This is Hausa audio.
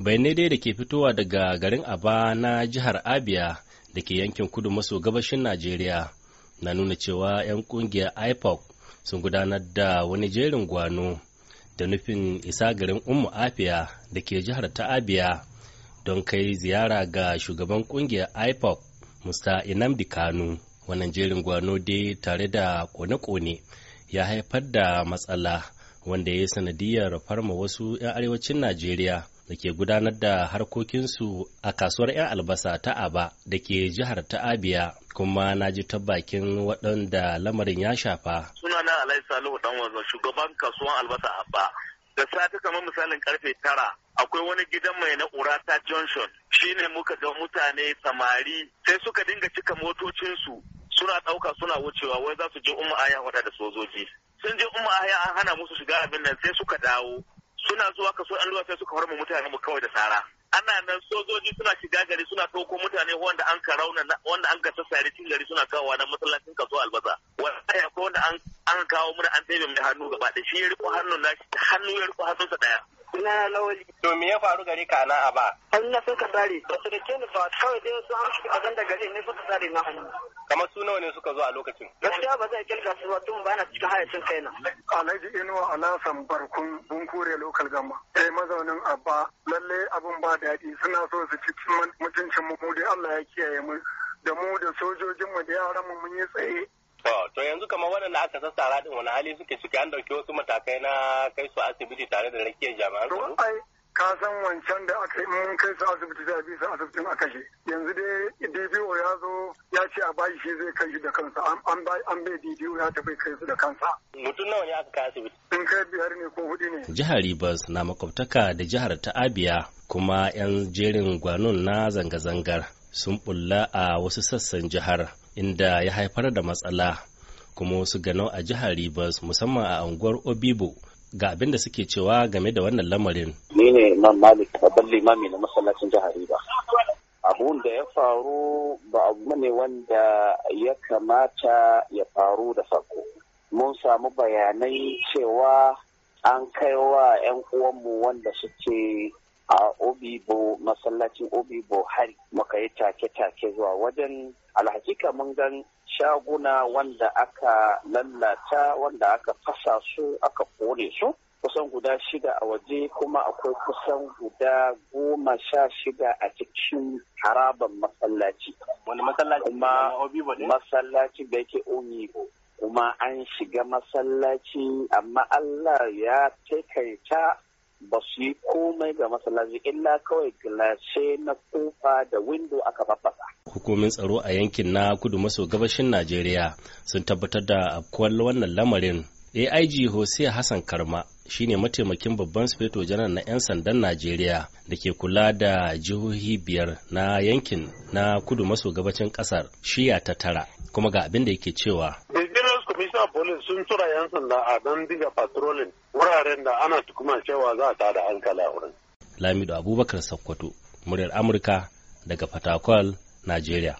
bayanai dai da ke fitowa daga garin aba na jihar abia da ke yankin kudu maso gabashin najeriya na nuna cewa 'yan kungiyar ipoc sun gudanar da wani jerin gwano da nufin isa garin ummu afiya da ke jihar ta abia don kai ziyara ga shugaban kungiyar ipoc musta inamdi kanu wannan jerin gwano dai tare da kone-kone ya haifar da matsala wanda ya sanadiyar farma wasu 'yan arewacin najeriya da ke gudanar da harkokinsu a kasuwar 'yan albasa ta aba da ke jihar ta abia kuma na ji ta bakin waɗanda lamarin ya shafa sunana alai salihu dan wanzan shugaban kasuwan albasa aba da sati kamar misalin karfe tara akwai wani gidan mai na urata johnson shine muka ga mutane samari sai suka dinga cika motocinsu suna ɗauka suna wucewa wai za su je umma aya da sojoji sun je umma aya an hana musu shiga abin nan sai suka dawo suna zuwa kaso an ruwa sai suka horar mutane mu kawai da sara ana nan sojoji suna shiga gari suna toko mutane wanda an ka rauna wanda an ka sassare cikin gari suna kawo wani masallacin kaso albasa ya akwai wanda an kawo mana an tsaye mai hannu gaba da shi ya riko hannun nashi hannu ya riko hannunsa ɗaya na lawali. To me ya faru gari ka na ba? Hannu sun ka tsare. Ba su da ke ni ba kawai dai su an a zan da gari ne suka tsare na hannu. Kamar su nawa ne suka zo a lokacin? Gaskiya ba zai kirga su ba tun ba na cikin hayacin kaina. Alhaji Inuwa Alasan Barkun Bunkure Lokal Gama. Eh mazaunin Abba lalle abin ba daɗi suna so su ci mutuncin mu dai Allah ya kiyaye mu da mu da sojojinmu da yaran mu mun yi tsaye To yanzu kamar waɗanda aka sassara din wani hali suke suke an ɗauki wasu matakai na kai su asibiti tare da rakiyar jami'an tsaro. ka san wancan da aka yi mun kai su asibiti da bisa asibitin aka shi yanzu dai DPO ya zo ya ce a bashi shi zai kai shi da kansa an bai DPO ya tafi kai su da kansa mutum nawa ne aka kai asibiti sun kai biyar ne ko hudu ne jihar Ribas na makwabtaka da jihar ta Abia kuma yan jerin gwanon na zanga-zangar sun bulla a wasu sassan jihar inda ya haifar da matsala kuma wasu ganau a jihar Rivers musamman a unguwar Obibo ga abin da suke cewa game da wannan lamarin. Ni ne Imam Malik babban limami na masallacin jihar riba. Abun da ya faru ba abu ne wanda ya kamata ya faru da farko. Mun samu bayanai cewa an kai wa 'yan uwanmu wanda suke a obibo masallacin obibo hari muka yi take-take zuwa wajen alhakika mun gan shaguna wanda aka lalata wanda aka fasa su aka kore su kusan guda shida a waje kuma akwai kusan guda goma sha shida a cikin haraban masallaci. Wani masallaci ne? masallaci da yake Omibo. Kuma an shiga masallaci amma Allah ya taikaita ba su yi komai ga masallaci illa kawai gilashe na kofa da windo aka babbasa. Hukumin tsaro a yankin na kudu maso gabashin Najeriya sun tabbatar da afkuwar wannan lamarin. AIG Hosea Hassan Karma shine mataimakin babban sufeto janar na 'yan sandan Najeriya da ke kula da jihohi biyar na yankin na kudu maso gabacin kasar shiya ta tara kuma ga abin da yake cewa commissioner police sun tura yan sanda a dan diga patrolin wuraren da ana tukuma cewa za ta da hankali a wurin lamido abubakar Sokoto, muryar amurka daga fatakwal najeriya